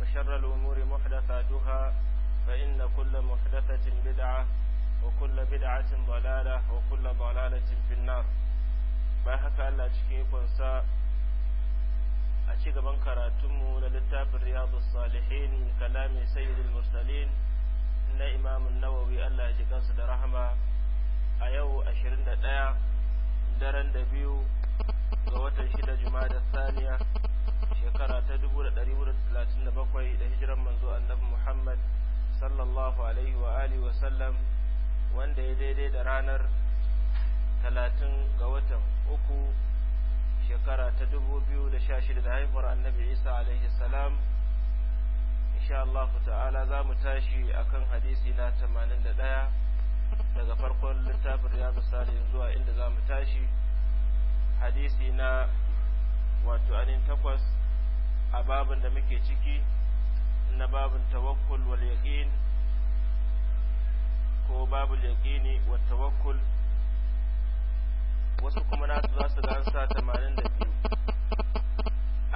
وشر الأمور محدثاتها فإن كل محدثة بدعة وكل بدعة ضلالة وكل ضلالة في النار باحك الله تشكيك ونساء أشيك بنكراتم للتاب الرياض الصالحين من كلام سيد المرسلين إن إمام النووي الله يجيكم صدر رحمة أيو أشرين دقيقة daren da biyu ga watan shida juma'a da saniya shekara ta dubu da hudu da da da talatin bakwai hijiran manzo annabi Muhammad sallallahu alaihi wa alihi wa sallam wanda ya daidai da ranar talatin ga watan uku shekara ta dubu biyu da sha shida da haifar annabi Isa alaihi salam insha Allah ta'ala za mu tashi akan hadisi na tamanin da ɗaya daga farkon littafin riyadu salihin zuwa inda za mu tashi hadisi na wato anin takwas a babin da muke ciki na babin tawakkul wal yaqin ko babul yaqini wat tawakkul wasu kuma na za su gansa 82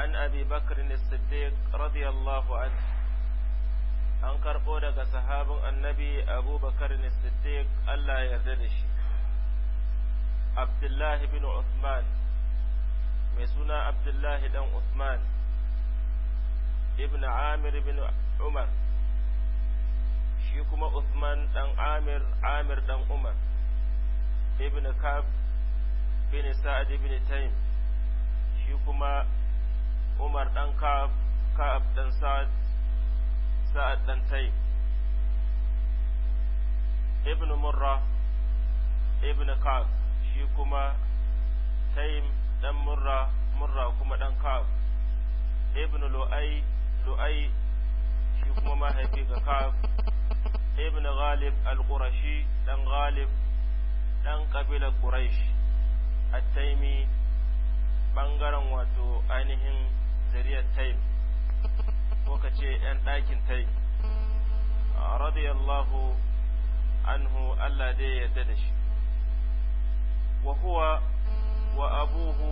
an abi bakr as-siddiq radiyallahu anhu an karbo daga sahabin annabi abubakar as-siddiq Allah ya yarda da shi abdullahi bin usman mai suna abdullahi dan usman ibn amir ibn umar shi kuma Uthman dan Amir Amir dan Umar ibn Kab bin Sa'ad ibn Taym shi kuma Umar dan Kab Kab dan Sa'ad Sa'ad dan Taym ibn Murra ibn Kab shi kuma Taym dan Murra Murra kuma dan Kab ibn Lu'ai. lu'ai shi kuma mahaifi ga kaf ibn ghalib al-qurashi dan ghalib dan kabilar quraish a taimi ɓangaren wato ainihin zariyar taim ko ka ce yan ɗakin taim radiyallahu anhu Allah dai ya yarda da shi wa huwa wa abuhu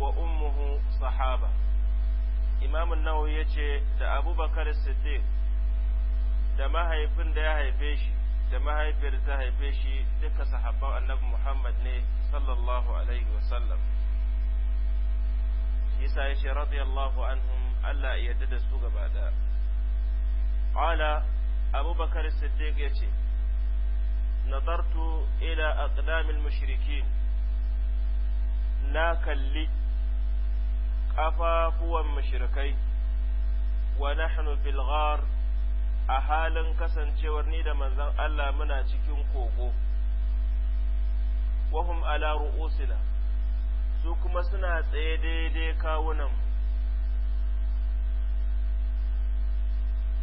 wa ummuhu sahaba imam nawawi ya ce da abubakar siddiq da mahaifin da ya haife shi da mahaifiyar ta haife shi duka sahabban annabi muhammad ne sallallahu alaihi wasallam isa ya ce radiyallahu anhum allah ya Dada da su gaba da qala abubakar siddiq ya ce nazartu ila aqdamil mushrikin na kalli ƙafafuwan mushrikai wa nahnu fil ghar a halin kasancewar ni da manzon Allah muna cikin kogo wa hum ala ru'usina su kuma suna tsaye daidai kawunan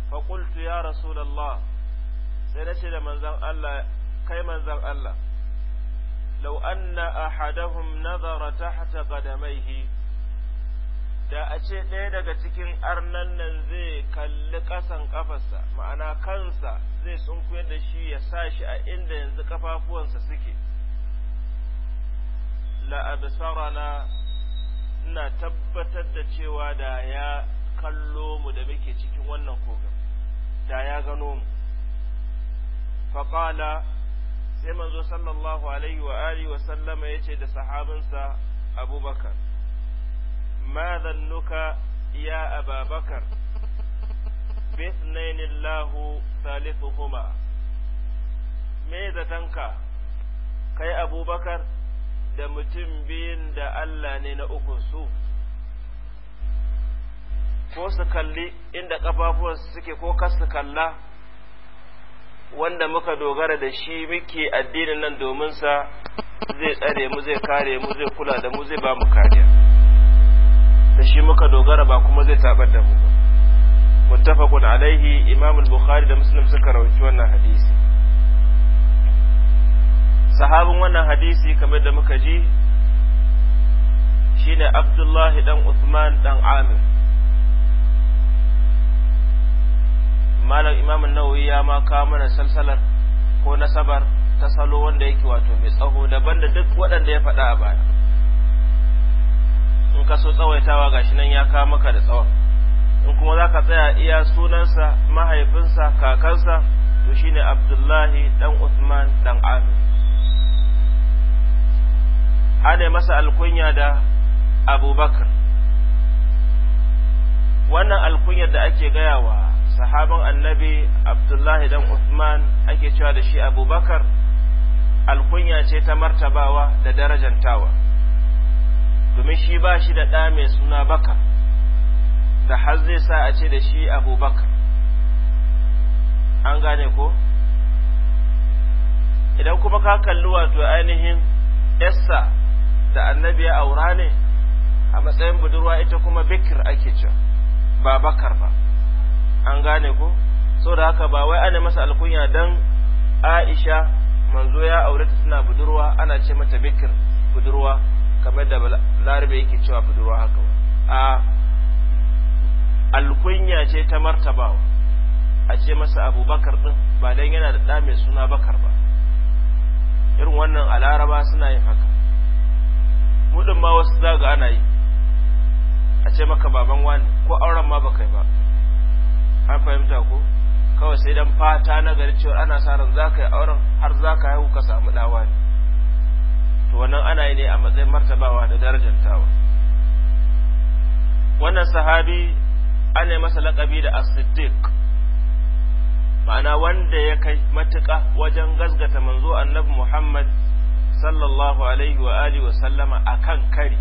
fa qultu ya rasulullah sai nace da manzon Allah kai manzon Allah law anna ahadahum nazara tahta qadamaihi da a ce ɗaya daga cikin arnan nan zai kalli ƙasan ƙafarsa ma'ana kansa zai sunkuyar da shi ya sa shi a inda yanzu ƙafafuwansa suke na na tabbatar da cewa da ya kallo mu da muke cikin wannan kogon da ya gano mu faƙala sai manzo sallallahu alaihi wa alihi wa sallama ya ce da sahabinsa abubakar ما ظنك يا أبا بكر باثنين الله ثالثهما ماذا تنكى كي أبو بكر da mutum biyun da Allah ne na ukunsu ko su kalli inda ƙafafuwan suke ko kas su kalla wanda muka dogara da shi muke addinin nan domin sa zai tsare mu zai kare mu zai kula da mu zai ba mu kariya da shi muka dogara ba kuma zai tabar da mu muttafaqun alaihi imam al-bukhari da muslim suka rawaci wannan hadisi sahabin wannan hadisi kamar da muka ji shine abdullahi dan usman dan amir malam imam an-nawawi ya ma ka mana salsalar ko nasabar ta salo wanda yake wato mai tsaho daban da duk waɗanda ya faɗa a baya in ka so tsawaitawa gashi nan ya kawo maka da tsawon in kuma za ka tsaya iya sunansa mahaifinsa kakansa to shine abdullahi dan usman dan amin. ana masa alkunya da abubakar wannan alkunyar da ake gayawa wa sahaban annabi abdullahi dan usman ake cewa da shi abubakar alkunya ce ta martabawa da darajantawa domin shi ba shi da ɗa mai suna bakar da har zai sa a ce da shi abubakar an gane ko idan kuma ka kalli wato ainihin yasa da annabi ya aura ne a matsayin budurwa ita kuma bikir ake ce ba bakar ba an gane ko da haka ba wai ana masa alkunya dan aisha manzo ya aure ta suna budurwa ana ce mata bikir budurwa kamar da larabe yake cewa budurwa haka a alkunya ce ta martabawa a ce masa abubakar din ba dan yana da ɗa mai suna bakar ba irin wannan a laraba suna yin haka mudin ma wasu zaga ana yi a ce maka baban wani ko auren ma bakai ba an fahimta ko kawai sai dan fata na gari cewa ana sa ran za ka yi auren har za ka haihu ka samu ɗawa ne to wannan ana yi ne a matsayin martabawa da darajar tawa wannan sahabi ana masa laƙabi da as ma'ana wanda ya kai matuƙa wajen gazgata manzo annabi Muhammad sallallahu alaihi wa alihi wa sallama akan kari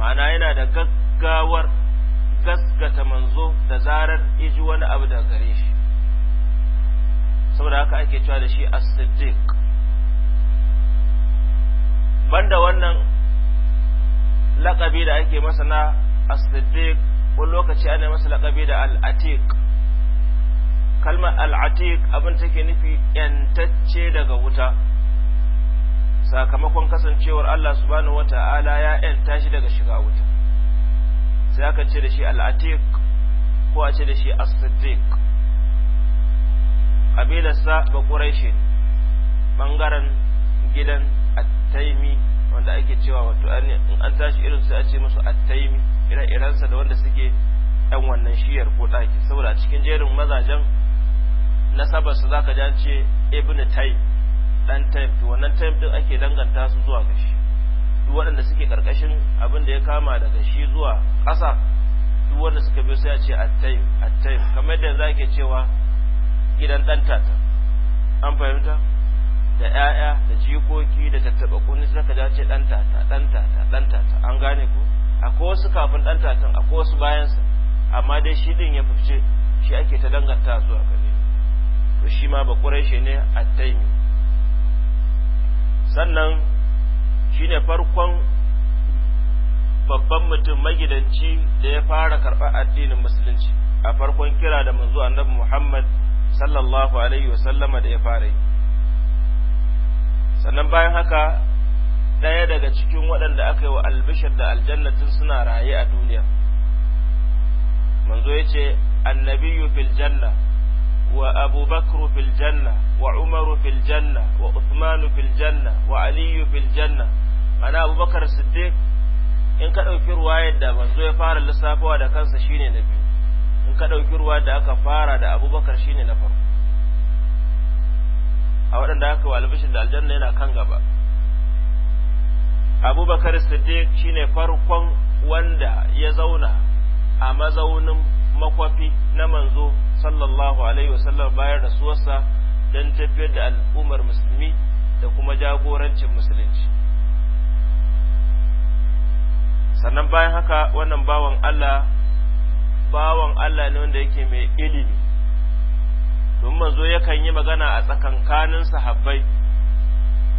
ma'ana yana da gaggawar gasgata manzo da zarar iji wani abu da gare shi saboda haka ake cewa da shi as banda wannan laƙabi da ake masa na as ko wani lokaci ana masa laƙabi da al-atiq kalmar al-atiq abin take nufi yantacce daga wuta sakamakon kasancewar Allah subhanahu wata'ala ya yanta shi daga shiga wuta sai aka ce da shi al-atiq ko a ce da shi as-siddiq ba ƙurai ɓangaren gidan attaimi wanda ake cewa wato in an tashi irin sai a ce musu attaimi ira iransa da wanda suke ɗan wannan shiyar ko ɗaki saboda a cikin jerin mazajen nasabar su zaka ji an ce ibnu tai dan taim to wannan taim din ake danganta su zuwa ga shi duk waɗanda suke karkashin abin da ya kama daga shi zuwa ƙasa duk wanda suka biyo sai a ce attaim attaim kamar yadda zake cewa gidan dan tata an fahimta da ƴaƴa da jikoki da tattaɓa kunni sai ka dace dan tata dan tata dan tata an gane ko akwai wasu kafin dan tatan akwai wasu sa amma dai shi din ya fice shi ake ta danganta zuwa gare to shi ma ba ne a taimi sannan shi ne farkon babban mutum magidanci da ya fara karɓar addinin musulunci a farkon kira da manzo annabi muhammad sallallahu alaihi wasallama da ya fara yi sannan bayan haka ɗaya daga cikin waɗanda aka yi wa albishar da aljannatin suna raye a duniya manzo ya ce annabiyu fil janna wa abubakar fil janna wa umaru fil janna wa uthmanu fil wa aliyu fil janna mana abubakar siddiq in ka ɗauki ruwayar da manzo ya fara lissafawa da kansa shine na biyu in ka ɗauki ruwayar da aka fara da abubakar shine na farko a waɗanda aka albishin da aljanna yana kan gaba abubakar siddiq shine farkon wanda ya zauna a mazaunin makwafi na manzo sallallahu alaihi wasallam bayan rasuwarsa don tafiyar da al'ummar musulmi da kuma jagorancin musulunci sannan bayan haka wannan bawan Allah bawan Allah ne wanda yake mai ilimi domin manzo yakan yi magana a tsakankanin sahabbai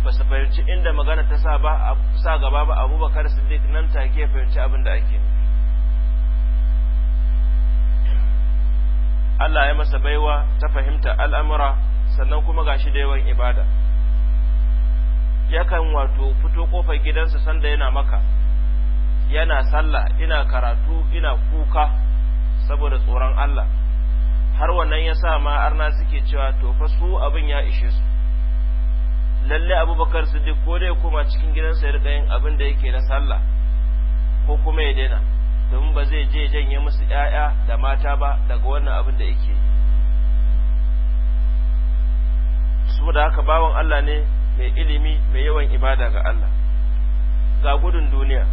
ba su fahimci inda magana ta sa ba sa gaba ba abubakar siddiq nan take fahimci abin da ake Allah ya masa baiwa ta fahimta al'amura sannan kuma gashi da yawan ibada yakan wato fito kofar gidansa sanda yana maka yana sallah ina karatu ina kuka saboda tsoron Allah har wannan ya sa ma arna suke cewa to fa su abin ya ishe su lalle abubakar siddiq ko dai kuma cikin gidansa ya rika yin abin da yake na sallah ko kuma ya daina domin ba zai je janye musu ‘ya'ya da mata ba daga wannan abin da yake saboda haka bawan Allah ne mai ilimi mai yawan ibada ga Allah ga gudun duniya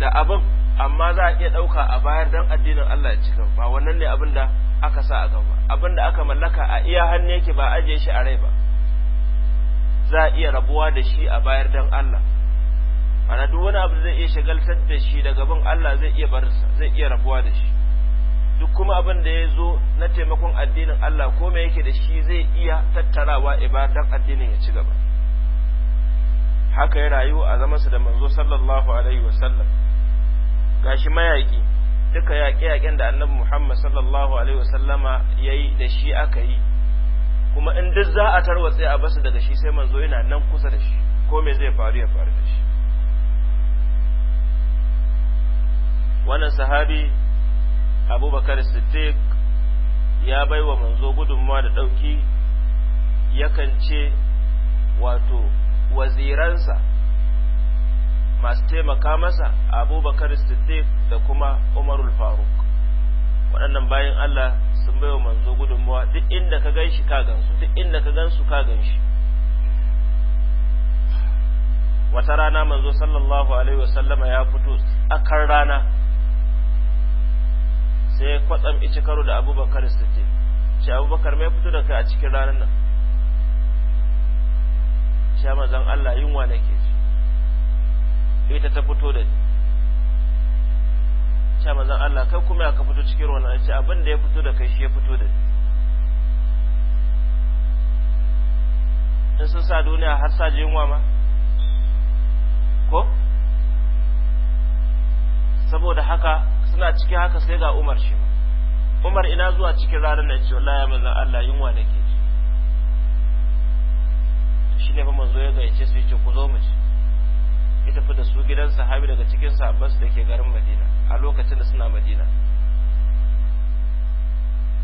da abin amma za a iya ɗauka a bayar don addinin Allah ya ba wannan ne abin da aka sa a gaba abin da aka mallaka a iya hannu yake ba ajiye shi a rai ba za a iya rabuwa da shi a bayar don Allah mana duk wani abu zai iya shagaltar da shi daga bin Allah zai iya barsa zai iya rabuwa da shi duk kuma abin da ya zo na taimakon addinin Allah ko mai yake da shi zai iya tattarawa ibadan addinin ya ci gaba haka ya rayu a zamansa da manzo sallallahu alaihi wasallam gashi mayaki duka yaƙe-yaƙen da annabi Muhammad sallallahu alaihi wasallama yayi da shi aka yi kuma in duk za a tarwatse a basu daga shi sai manzo yana nan kusa da shi ko me zai faru ya faru da shi wannan sahabi abubakar siddiq ya bai wa manzo gudunmawa da ɗauki yakan ce wato waziransa masu taimaka masa abubakar siddiq da kuma umarul faruk waɗannan bayan allah sun baiwa manzo gudunmawa duk inda ka gan shi ka gansu duk inda ka gansu ka gan shi wata rana manzo sallallahu alaihi wasallama ya fito akan rana sai kwatsam ici karo da abubakar siddiq ce abubakar mai fito da kai a cikin ranar nan sha manzon allah yunwa nake ita ta fito da ce mazan Allah kai kuma ka fito cikin wannan ce abin da ya fito da kai shi ya fito da in sun sa duniya har sa ji yunwa ma ko saboda haka suna cikin haka sai ga Umar shi Umar ina zuwa cikin ranar nan ce wallahi manzon Allah yunwa nake shi ne fa manzo ya gaice su yace ku zo mu ci ya tafi da su gidan sahabi daga cikin sahabbansu da ke garin madina a lokacin da suna madina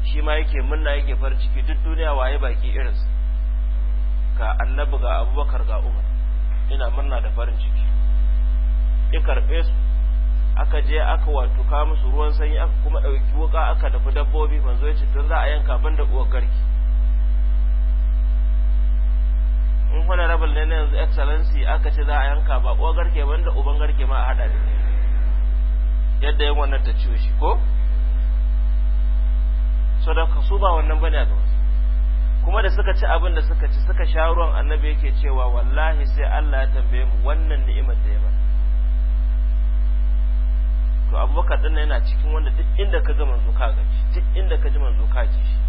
shi ma yake munna yake farin ciki duk duniya waye baki su ga annabi ga abubakar ga umar ina murna da farin ciki ya karɓe su aka je aka wato ka musu ruwan sanyi aka kuma ɗauki wuka aka dafu dabbobi manzo ya ce tun za a yanka ban da uwar garki in wani rabin ne na yanzu excellency aka ce za a yanka ba uwa garke ban da uban garke ma a hada ne yadda yin wannan ta ciwo shi ko so da su ba wannan bane a wasu kuma da suka ci abin da suka ci suka sha ruwan annabi yake cewa wallahi sai Allah ya tambaye mu wannan ni'imar da ya ba to abubakar din yana cikin wanda duk inda ka ga manzo ka gaji duk inda ka ji manzo ka ji shi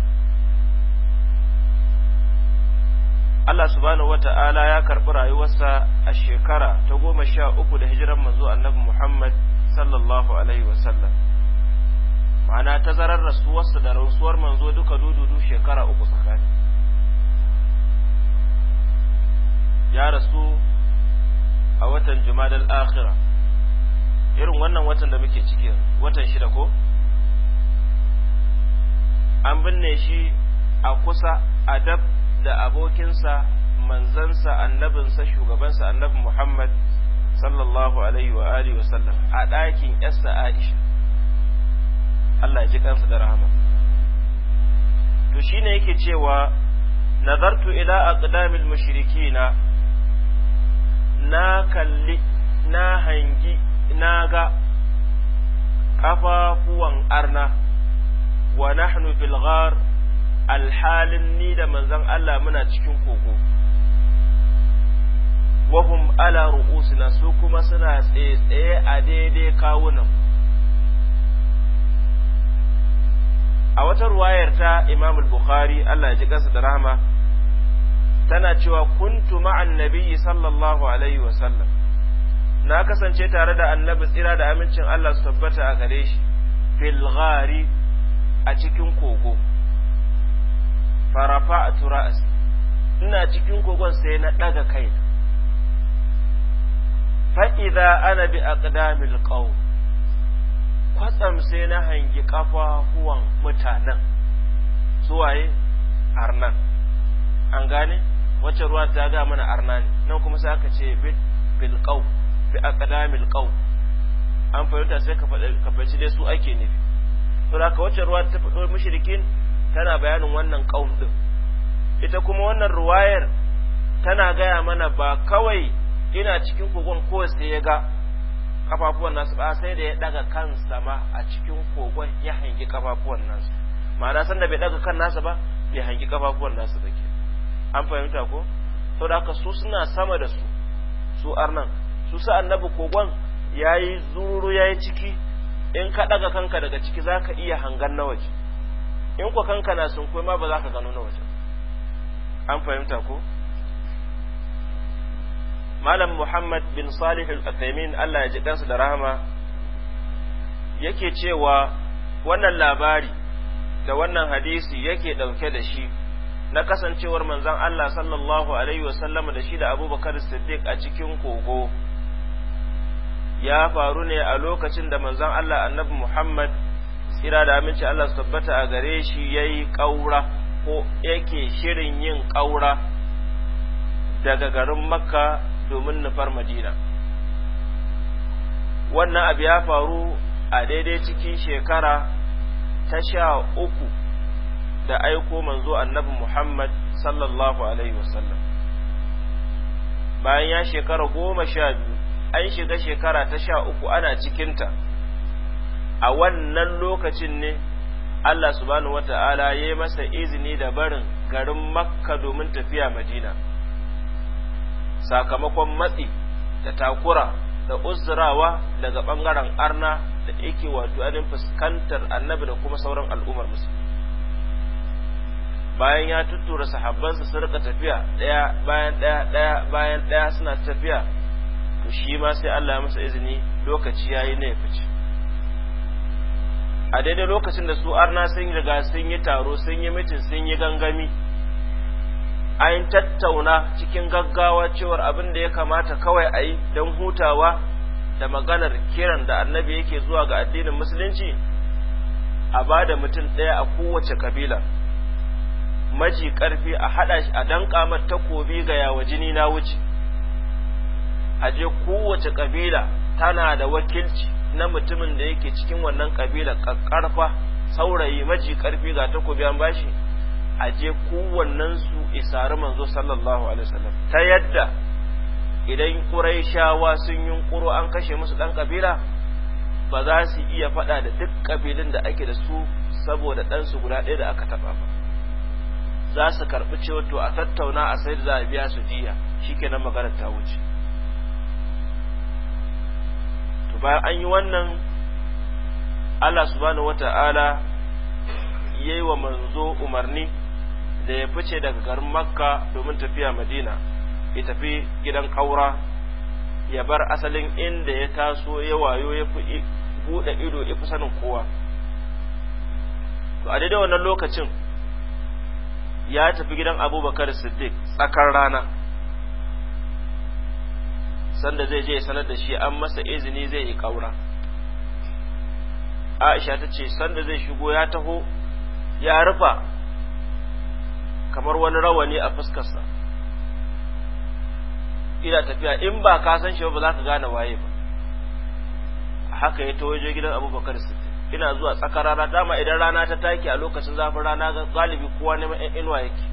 Allah subhanahu wata'ala ya karɓi rayuwarsa a shekara ta goma sha uku da hijiran manzo annabi Muhammad sallallahu alaihi wasallam ma'ana ta zarar rasuwarsa da rasuwar manzo duka dududu shekara uku tsakani ya rasu a watan jumadal akhira irin wannan watan da muke cikin watan shida ko an binne shi a kusa a dab da abokinsa manzansa annabinsa shugabansa annabi Muhammad sallallahu alaihi wa alihi a ɗakin yasta Aisha Allah ya ji kansa da rahama to shine yake cewa nazartu ila aqdamil mushrikina na kalli na hangi na ga kafafuwan arna wa nahnu fil ghar alhalin ni da manzon Allah muna cikin kogo wahum ala ru'usina su kuma suna tsaye a daidai kawunan a wata ruwayar ta Imam Bukhari Allah ya ji kansa da rahama tana cewa kuntu ma'an nabiyyi sallallahu alaihi wa sallam na kasance tare da annabi tsira da amincin Allah su tabbata a gare shi fil ghari a cikin kogo farafa tura ra'si ina cikin kogon sai na daga kai fa idza ana bi a aqdamil qaw kwatsam sai na hangi kafafuwan mutanen suwaye arnan an gane wacce ruwa ta ga mana arna ne nan kuma sai aka ce bil qaw bi aqdamil qaw an fahimta sai ka faɗi dai su ake nufi ka wacce ruwa ta faɗo mashirikin tana bayanin wannan qaum din ita kuma wannan ruwayar tana gaya mana ba kawai ina cikin kogon ko sai ya ga kafafuwan nasu ba sai da ya daga kansa ma a cikin kogon ya hangi kafafuwan nasu ma'ana san da bai daga kan nasa ba bai hangi kafafuwan nasu ba ke an fahimta ko to da haka su suna sama da su su arnan su sa annabi kogon yayi zuru yayi ciki in ka daga kanka daga ciki zaka iya hangan na waje in ku kanka na sun ma ba za ka gano na wajen an fahimta ko malam muhammad bin salih al-athaymin Allah ya ji ɗansa da rahama yake cewa wannan labari da wannan hadisi yake ɗauke da shi na kasancewar manzon Allah sallallahu alaihi sallam, da shi da Abubakar Siddiq a cikin kogo ya faru ne a lokacin da manzon Allah annabi Muhammad tsira da aminci Allah tabbata a gare shi yayi ƙaura ko yake shirin yin ƙaura daga garin Makka domin nufar Madina wannan abu ya faru a daidai cikin shekara ta sha uku da aiko manzo annabi Muhammad sallallahu alaihi wasallam bayan ya shekara goma sha biyu an shiga shekara ta sha uku ana cikinta a wannan lokacin ne Allah subhanahu wata'ala ya yi masa izini da barin garin makka domin tafiya madina sakamakon matsi da takura da uzurawa daga ɓangaren arna da yake wato anin fuskantar annabi da kuma sauran al'ummar musulmi bayan ya tuttura sahabbansa su rika tafiya daya bayan daya daya bayan daya suna tafiya to shi ma sai Allah ya masa izini lokaci yayi na ya fice a daidai lokacin da su arna sun riga sun yi taro sun yi mitin sun yi gangami an tattauna cikin gaggawa cewar abin da ya kamata kawai a yi don hutawa da maganar kiran da annabi yake zuwa ga addinin musulunci a ba da mutum ɗaya a kowace kabila maji ƙarfi a haɗa shi a danƙa mar takobi ga yawa jini na wuce a je kowace kabila tana da wakilci na mutumin da yake cikin wannan kabila kakkarfa saurayi maji karfi ga takobi an bashi a je kowannen su isari manzo sallallahu alaihi wasallam ta yadda idan quraishawa sun yunkuro an kashe musu dan kabila ba za su iya faɗa da duk kabilin da ake da su saboda dan su guda ɗaya da aka taba ba za su karɓi cewa to a tattauna a sai da za a biya su jiya shikenan maganar ta wuce bayan an yi wannan Allah subhanahu wata'ala yayi wa manzo umarni da ya fice daga garin makka domin tafiya madina ya tafi gidan kaura ya bar asalin inda ya taso ya wayo ya fi buɗe ido ya fi sanin kowa to a daidai wannan lokacin ya tafi gidan abubakar siddiq tsakar rana sanda zai je sanar da shi an masa izini zai yi kaura aisha ta ce sanda zai shigo ya taho ya rufa kamar wani rawani a fuskarsa ina tafiya in ba ka san shi ba za ka gane waye ba haka ya taho je gidan abubakar sittin ina zuwa tsakar rana dama idan rana ta take a lokacin zafin rana ga galibi kowa neman yan inuwa yake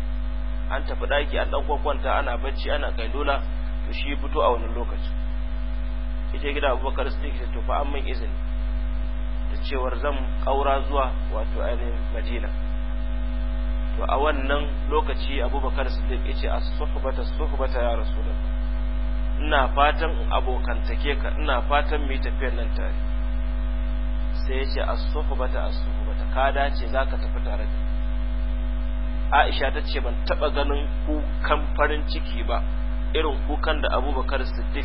an tafi daki an dan kwanta ana bacci ana dola to shi fito a wannan lokaci ita gida abubakar siddiq ta tofa an min izini da cewar zan kaura zuwa wato ainihin madina to a wannan lokaci abubakar siddiq ya ce as-suhbata suhbata ya rasulullah ina fatan abokantake ka ina fatan mu yi tafiyar nan tare sai ya ce as-suhbata as-suhbata ka dace zaka tafi tare da Aisha ta ce ban taba ganin ku farin ciki ba irin kukan da abubakar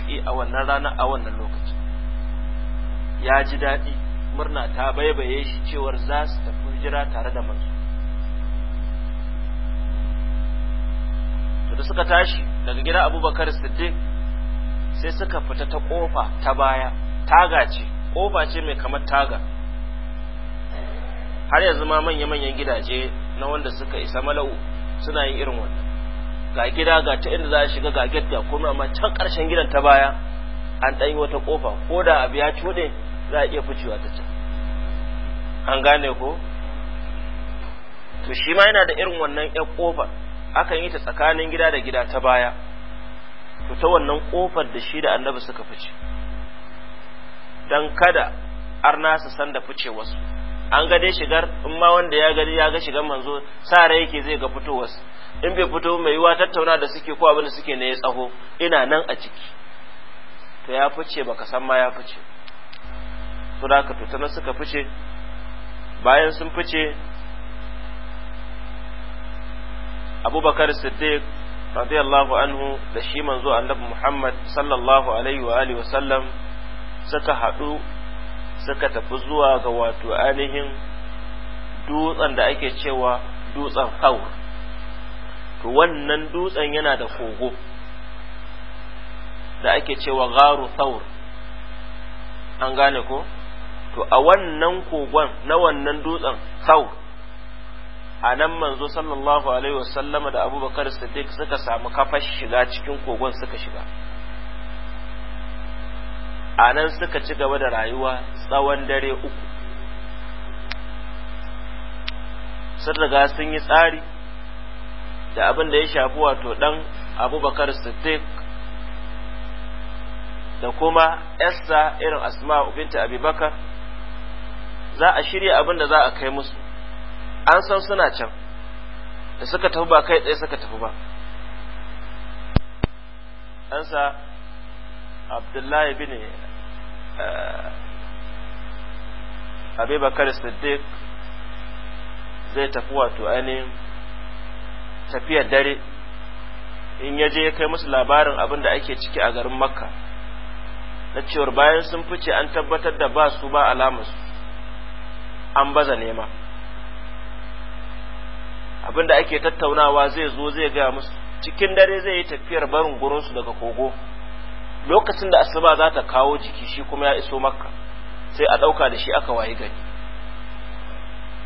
yi a wannan rana a wannan lokaci ya ji daɗi murna ta baibaye shi cewar za su tafi jira tare da manzo da suka tashi daga gida abubakar siddiq sai suka fita ta ƙofa ta baya taga ce ƙofa ce mai kamar taga har yanzu ma manya-manyan gidaje na wanda suka isa mala'u suna yin irin wannan ga gida ga ta inda za a shiga ga gate ga komai amma can karshen gidan ta baya an ɗan yi wata kofa ko da abu ya cuɗe za a iya ficewa ta can an gane ko to shi ma yana da irin wannan ƴan kofa akan yi ta tsakanin gida da gida ta baya to ta wannan kofar da shi da annabi suka fice dan kada arna su san da fice wasu an gade shigar in ma wanda ya gani ya ga shigar manzo sa rai yake zai ga fitowarsa in bai fito mai yiwa tattauna da suke ko abin da suke ne ya tsaho ina nan a ciki to ya fice baka san ma ya fice to da ka tutuna suka fice bayan sun fice abubakar siddiq radiyallahu anhu da shi manzo annabi muhammad sallallahu alaihi wa alihi wasallam suka haɗu suka tafi zuwa ga wato ainihin dutsen da ake cewa dutsen thawr to wannan dutsen yana da kogo da ake cewa garu thawr an gane ko to a wannan kogon na wannan dutsen thaur a nan manzo sallallahu alaihi wasallam da abubakar siddiq suka samu kafar shiga cikin kogon suka shiga a nan suka ci gaba da rayuwa tsawon dare uku sun riga sun yi tsari da abin da ya shafi wato dan abubakar siddiq da kuma yarsa irin asma'u binta abubakar za a shirya abin da za a kai musu an san suna can da suka tafi ba kai tsaye suka tafi ba ɗansa abdullahi bin eh, abubakar siddiq zai tafi wato ainihin tafiyar dare in ya je ya kai musu labarin abin da ake ciki a garin makka na cewar bayan sun fice an tabbatar da ba su ba alamarsu an baza nema abin da ake tattaunawa zai zo zai gaya musu cikin dare zai yi tafiyar barin gurinsu daga kogo lokacin da asuba za ta kawo jiki shi kuma ya iso makka sai a ɗauka da shi aka wayi gani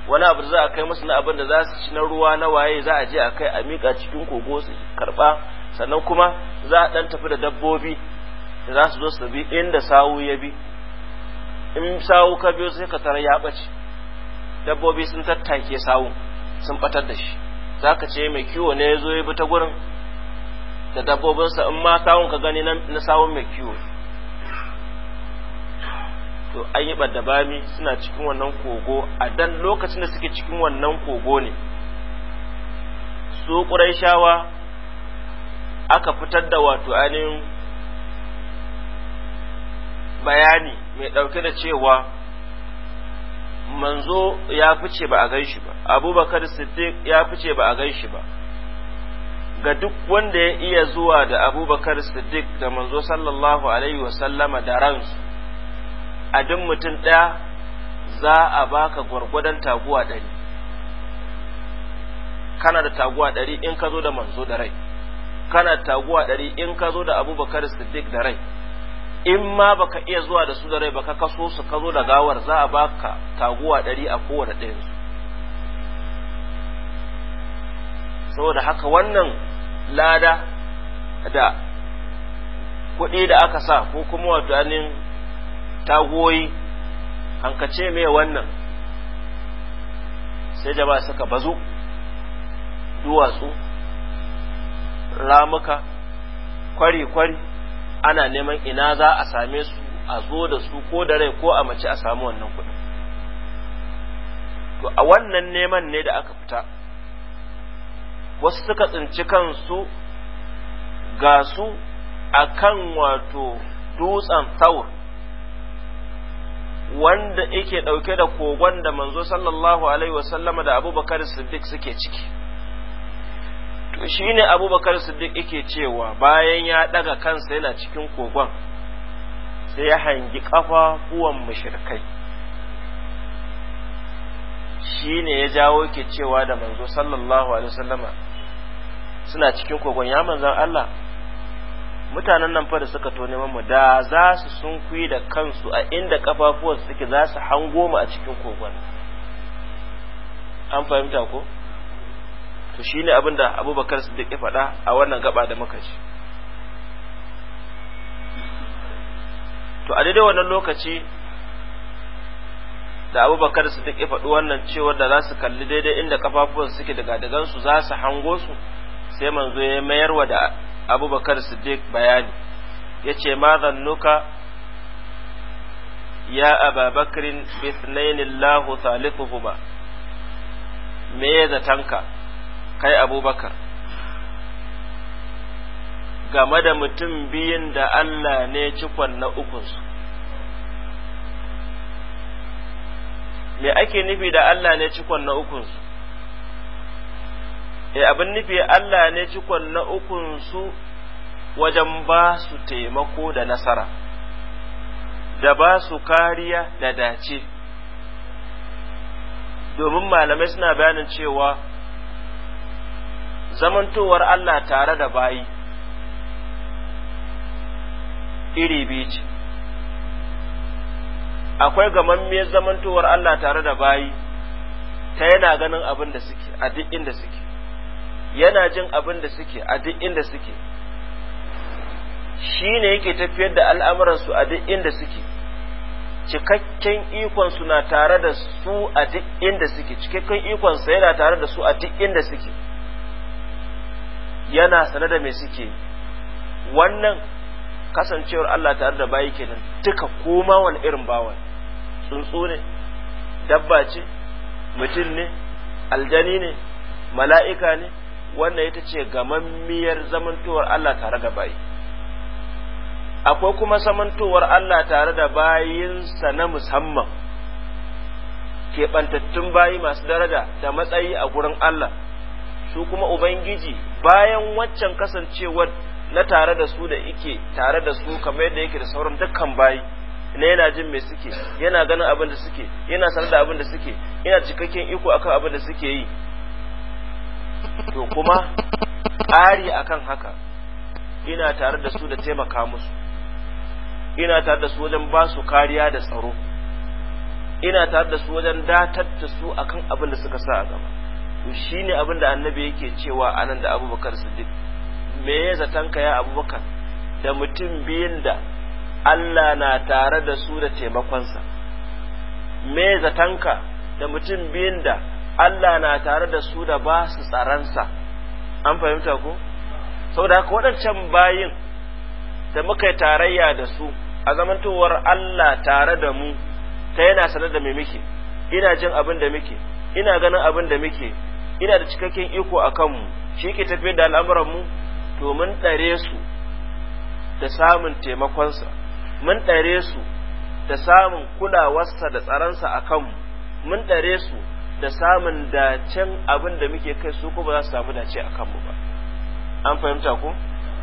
wani abu za a kai musu na abin da za su ci na ruwa na waye za a je a kai a miƙa cikin kogo su karɓa sannan kuma za a ɗan tafi da dabbobi da za su zo su bi inda sawu ya bi in sawu ka biyo sai ka tara ya ɓace dabbobi sun tattake sawu sun ɓatar da shi za ka ce mai kiwo ne ya zo ya bi ta gurin da dabbobinsa in ma sawun ka gani na sawun mai kiwo to an yi bami suna cikin wannan kogo a dan lokacin da suke cikin wannan kogo ne su ƙuraishawa aka fitar da wato ainihin bayani mai ɗauke da cewa manzo ya fice ba a gan shi ba abubakar siddiq ya fice ba a gan shi ba ga duk wanda ya iya zuwa da abubakar siddiq da manzo sallallahu alaihi wasallama da ransu a duk mutum ɗaya za a baka gwargwadon taguwa ɗari kana da taguwa ɗari in ka zo da manzo da rai kana da taguwa ɗari in ka zo da abubakar siddiq da rai in ma baka iya zuwa da su da rai baka kaso su ka zo da gawar za a baka taguwa ɗari a kowane ɗayan su saboda haka wannan lada da kuɗi da aka sa ko kuma wato tagoyi hankace mai wannan sai jama'a suka bazu duwatsu ramuka kwari-kwari ana neman ina za a same su a zo da su ko da rai ko a mace a samu wannan kuɗi to a wannan neman ne da aka fita wasu suka tsinci kansu ga su a kan wato dutsen taur wanda yake ɗauke da kogon da manzo sallallahu alaihi wasallama da abubakar siddiq suke ciki to shi ne abubakar siddiq yake cewa bayan ya ɗaga kansa yana cikin kogon sai ya hangi kuwan mushrikai shi ne ya jawo ke cewa da manzo sallallahu alaihi wasallama suna cikin kogon ya manzan Allah mutanen nan fa da suka to neman mu da za su sun da kansu a inda kafafuwan suke za su hango mu a cikin kogon an fahimta ko to shine abin da abubakar su ke faɗa a wannan gaba da muka ci to a daidai wannan lokaci da abubakar su ke faɗi wannan cewar da za su kalli daidai inda kafafuwan suke daga dagansu za su hango su sai manzo ya mayarwa da abubakar siddiq bayani ya ce ma zannuka ya ababakrin bisnainillahu salisuhuma me ya zatanka kai abubakar game da mutum biyun da Allah ne cikon na ukunsu me ake nufi da Allah ne cikon na ukunsu e abin nufi Allah ne cikon na ukun su wajen ba su taimako da nasara da ba su kariya da dace domin malamai suna bayanin cewa zamantowar Allah tare da bayi iri biyu ce akwai gamammiyar zamantowar Allah tare da bayi ta yana ganin abin da suke a duk inda suke yana jin abin da suke a duk inda suke shi ne yake tafiyar da al'amuransu a duk inda suke cikakken ikonsu na tare da su a duk inda suke cikakken ikonsa yana tare da su a duk inda suke yana sane da mai suke wannan kasancewar Allah tare da bayi kenan duka koma wani irin bawan tsuntsu ne dabba ce mutum ne aljani ne mala'ika ne wannan ita ce gamammiyar zamantowar Allah tare da bayi akwai kuma zamantowar Allah tare da bayinsa na musamman keɓantattun bayi masu daraja da matsayi a gurin Allah su kuma Ubangiji bayan waccan kasancewar na tare da su da ike tare da su kamar yadda yake da sauran dukkan bayi na yana jin me suke yana ganin abin da suke yana sanar da abin da suke yana cikakken iko akan abin da suke yi to kuma ƙari akan haka ina tare da su da taimaka musu ina tare da su wajen ba su kariya da tsaro ina tare da su wajen datar da su akan abin da suka sa a gaba to shine abin da annabi yake cewa anan da abubakar siddiq me ya zatan ya abubakar da mutum biyun da Allah na tare da su da taimakonsa me zatanka da mutum biyun da Allah na tare da su da ba su tsaransa an fahimta ko saboda haka waɗancan bayin da muka yi tarayya da su a zamantowar Allah tare da mu ta yana sanar da me muke ina jin abin da muke ina ganin abin da muke ina da cikakken iko a kanmu shi ke tafi da al'amuranmu to mun ɗare su da samun taimakonsa mun ɗare su da samun kulawarsa da tsaransa a kanmu mun ɗare su da samun dacen abin da muke kai su ko ba za su samu dace a kanmu ba an fahimta ku?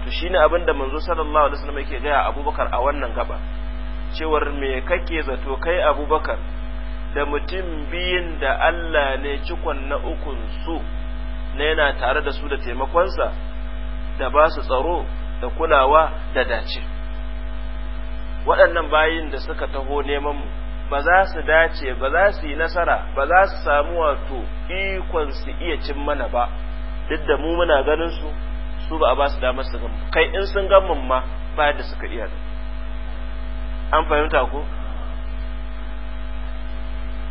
to shine abin da manzo sallallahu alaihi wasallam yake gaya abubakar a wannan gaba cewar me kake zato kai abubakar da mutum biyin da Allah ne cikon na ukun su na yana tare da su da taimakonsa da ba su tsaro da kulawa da dace waɗannan bayin da suka taho neman mu ba za su dace ba za su yi nasara ba za su samu wato ikon su iya cin mana ba duk da mu muna ganin su su ba a ba su damar su gan kai in sun mun ma ba da suka iya da an fahimta ko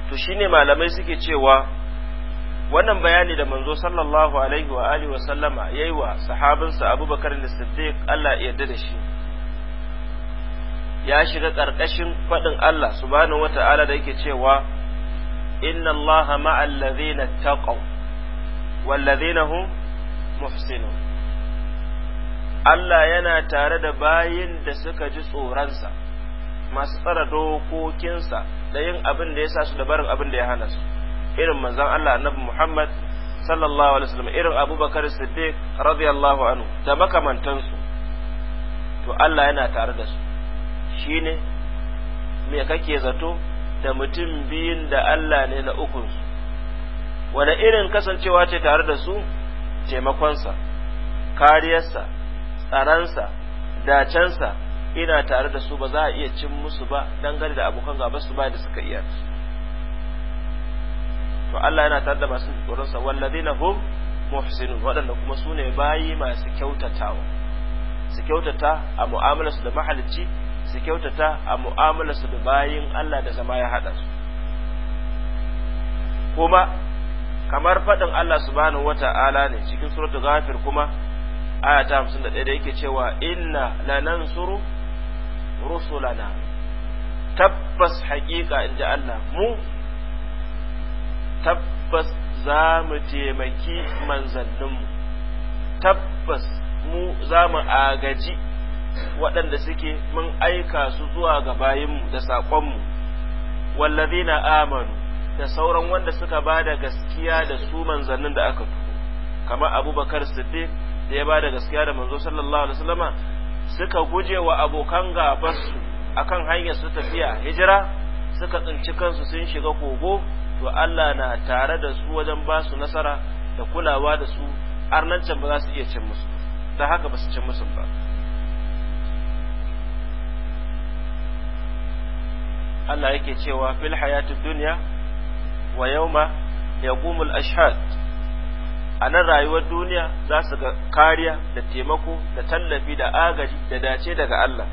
to shine malamai suke cewa wannan bayani da manzo sallallahu alaihi wa alihi wa sallama yayi wa sahabinsa Abubakar da Siddiq Allah ya yarda da shi ya shiga ƙarƙashin faɗin Allah subhanahu wata'ala da yake cewa inna allaha ma'al ladhina taqaw wal ladhina hum muhsinun Allah yana tare da bayin da suka ji tsoronsa masu tsara dokokinsa da yin abin da ya sa su da barin abin da ya hana su irin manzon Allah annabi Muhammad sallallahu alaihi wasallam irin Abubakar Siddiq radiyallahu anhu da makamantansu to Allah yana tare da su shine me kake zato da mutum biyun da Allah ne na ukunsu wani irin kasancewa ce tare da su taimakonsa kariyarsa tsaransa dacensa ina tare da su ba za a iya cin musu ba dangane da abokan gaba su ba da suka iya to Allah yana tare da masu tsoronsa wallazina hum muhsinun waɗanda kuma su ne bayi masu kyautatawa su kyautata a mu'amalarsu da mahalicci su kyautata a mu'amalarsu da bayin Allah da zama ya haɗa su kuma kamar faɗin Allah subhanahu wata'ala ne cikin suratul ghafir kuma aya ta 51 da yake cewa inna lanansuru rusulana tabbas haƙiƙa inji Allah mu tabbas za mu taimaki manzanninmu tabbas mu za mu agaji waɗanda suke mun aika su zuwa ga bayinmu da saƙonmu na amanu da sauran wanda suka ba da gaskiya da su manzannin da aka tuho kamar abubakar siddiq da ya ba da gaskiya da manzo sallallahu alaihi wasallama suka guje wa abokan gabarsu akan hanyar su tafiya hijira suka tsinci kansu sun shiga kogo to Allah na tare da su wajen ba su nasara da kulawa da su arnancin ba za su iya cin musu da haka ba su cin musu ba Allah yake cewa fil hayatid dunya wa yawma yaqumul ashhad a nan rayuwar duniya za su ga kariya da taimako da tallafi da agaji da dace daga Allah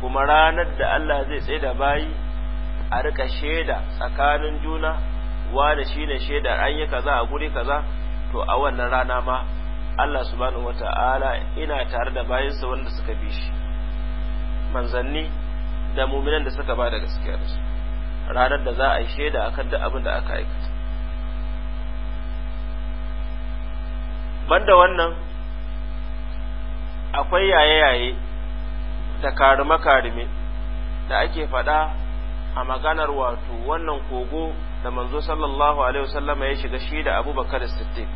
kuma ranar da Allah zai tsaye da bayi a rika shaida tsakanin juna wa da shine ne an yi kaza a guri kaza to a wannan rana ma Allah subhanahu wata'ala ina tare da bayinsa wanda suka bi shi manzanni da muminan da suka ba da gaskiya su ranar da za a yi shaida akan duk abin da aka aikata banda wannan akwai yaye-yaye da karime-karime da ake faɗa a maganar wato wannan kogo da manzo sallallahu alaihi wasallama ya shiga shi da abubakar siddiq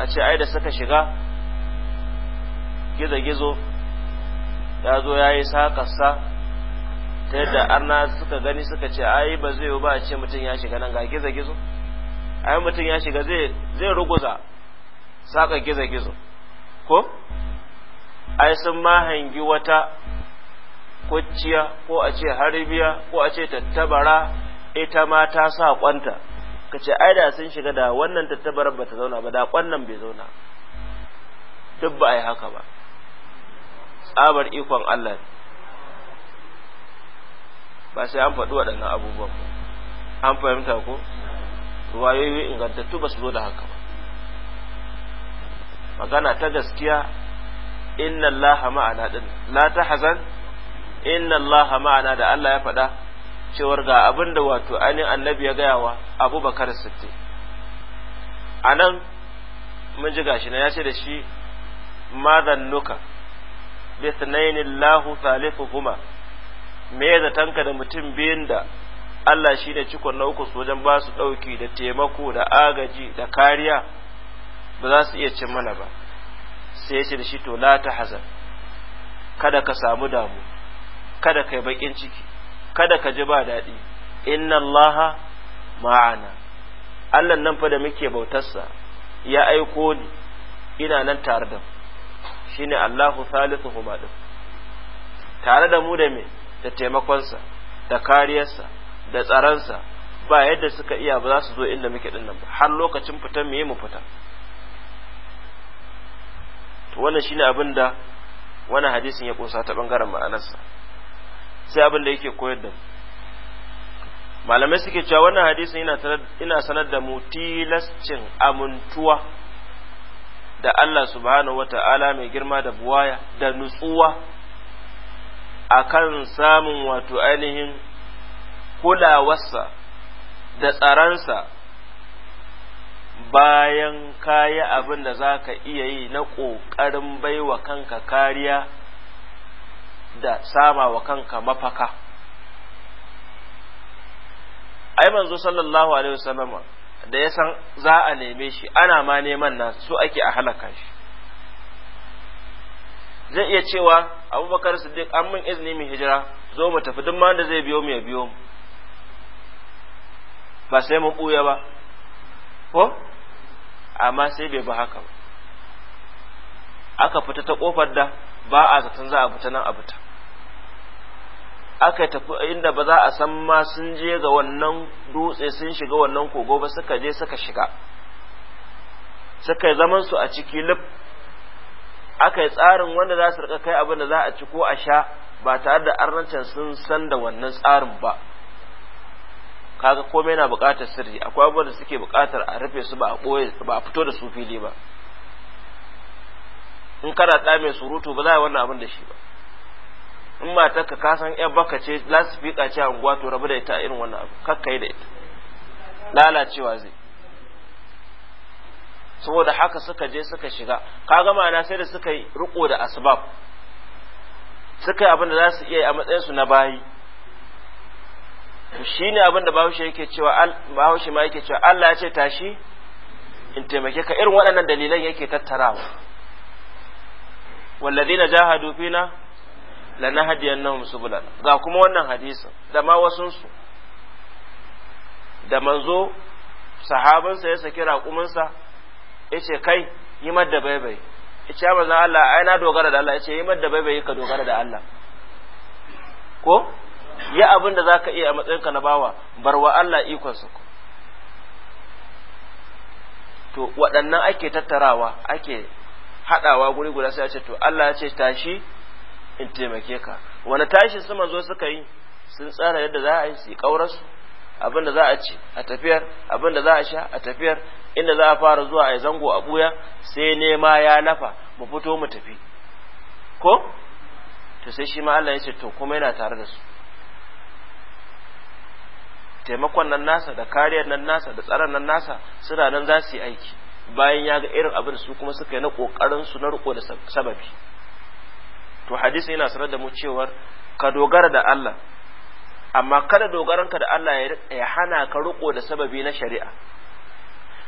a ce ai da suka shiga gizo-gizo ya zo ya yi sakasa ta yadda ana suka gani suka ce ai ba zai yi ba a ce mutum ya shiga nan ga gizo-gizo ai mutum ya shiga zai ruguza saka gizo-gizo ko ai sun ma hangi wata kuciya ko a ce harbiya ko a ce tattabara ita ma ta sa kwanta ka ce ai da sun shiga da wannan tattabarar ba ta zauna ba da kwannan bai zauna duk ba a yi haka ba tsabar ikon Allah ba sai an faɗi waɗannan abubuwan ba an fahimta ko ruwayoyi ingantattu ba su zo da haka ba magana ta gaskiya inna Allah ma'ana din la ta hazan. inna Allah ma'ana da Allah ya faɗa cewar ga abin da wato ainihin annabi ya gaya wa abubakar sitte a nan mun ji gashi na ya ce da shi madan nuka bisnain Allahu salisuhuma me zatanka da mutum biyun da Allah shi ne cikon na uku wajen ba su ɗauki da taimako da agaji da kariya ba za su iya cin mana ba sai da shi to la ta hazan kada ka samu damu kada kai bakin ciki kada ka ji ba daɗi inna allaha ma'ana Allah nan fa da muke bautarsa ya aiko ni ina nan tare da mu shine Allahu salisu huma din tare da mu da me da taimakonsa da kariyarsa da tsaransa ba yadda suka iya ba za su zo inda muke dinnan ba har lokacin fitan mu yi mu fita to wannan shine abin da wannan hadisin ya kosa ta bangaren ma'anarsa sai abin da yake koyar da mu malamai suke cewa wannan hadisin ina sanar da mu tilascin amintuwa da Allah subhanahu wata'ala mai girma da buwaya da nutsuwa akan samun wato ainihin kulawarsa da tsaransa bayan kayi abin da za ka iya yi na ƙoƙarin baiwa kanka kariya da sama wa kanka mafaka ai manzo sallallahu alaihi wasallama da ya san za a neme shi ana ma neman na su ake a halaka shi zai iya cewa abubakar siddiq an min izini mai hijira zo mu tafi duk da zai biyo mu ya biyo mu ba sai mun buya ba ko amma sai bai ba haka ba aka fita ta kofar da ba a zaton za a fita nan a fita aka tafi inda ba za a san ma sun je ga wannan dutse sun shiga wannan kogo ba suka je suka shiga suka yi zaman su a ciki lif aka yi tsarin wanda za su rika kai abin da za a ci ko a sha ba tare da arnancin sun san da wannan tsarin ba kaga komai yana buƙatar sirri akwai abubuwan da suke buƙatar a rufe su ba a ɓoye ba a fito da su fili ba in kana tsame surutu ba za a yi wannan abin da shi ba in matarka ka san yar baka ce za su lasifika ce anguwa to rabu da ita irin wannan abu kakka yi da ita lalacewa zai saboda haka suka je suka shiga ka gama na sai da suka yi riko da asbab suka yi abin da za su iya yi a matsayinsu na bayi shi ne abin da bahaushe yake cewa bahaushe ma yake cewa Allah ya ce tashi in taimake ka irin waɗannan dalilan yake tattarawa والذين جاهدوا فينا lanahdiyannahum subulana ga kuma wannan hadisin da ma wasun su da manzo sa ya saki raƙumin sa ce kai yi madda baibai yace manzo Allah ai na dogara da Allah yace yi madda baibai ka dogara da Allah ko yi abin da za ka iya a ka na bawa barwa Allah ikonsa ko to waɗannan ake tattarawa ake haɗawa guri guda sai ya ce to Allah ya ce tashi in taimake ka wani tashin su zo suka yi sun tsara yadda za a yi su kaurasu abin da za a ci a tafiyar abin za a sha a tafiyar inda za a fara zuwa a yi zango a buya sai nema ya lafa mu fito mu tafi ko to sai shi ma Allah ya ce to kuma yana tare da su taimakon nan nasa da kariyar nan nasa da tsaron nan nasa suna nan za su yi aiki bayan ya ga irin abin su kuma suka yi na kokarin su na riko da sababi to hadisi yana sanar da mu cewar ka dogara da Allah amma kada dogaranka da Allah ya hana ka riko da sababi na shari'a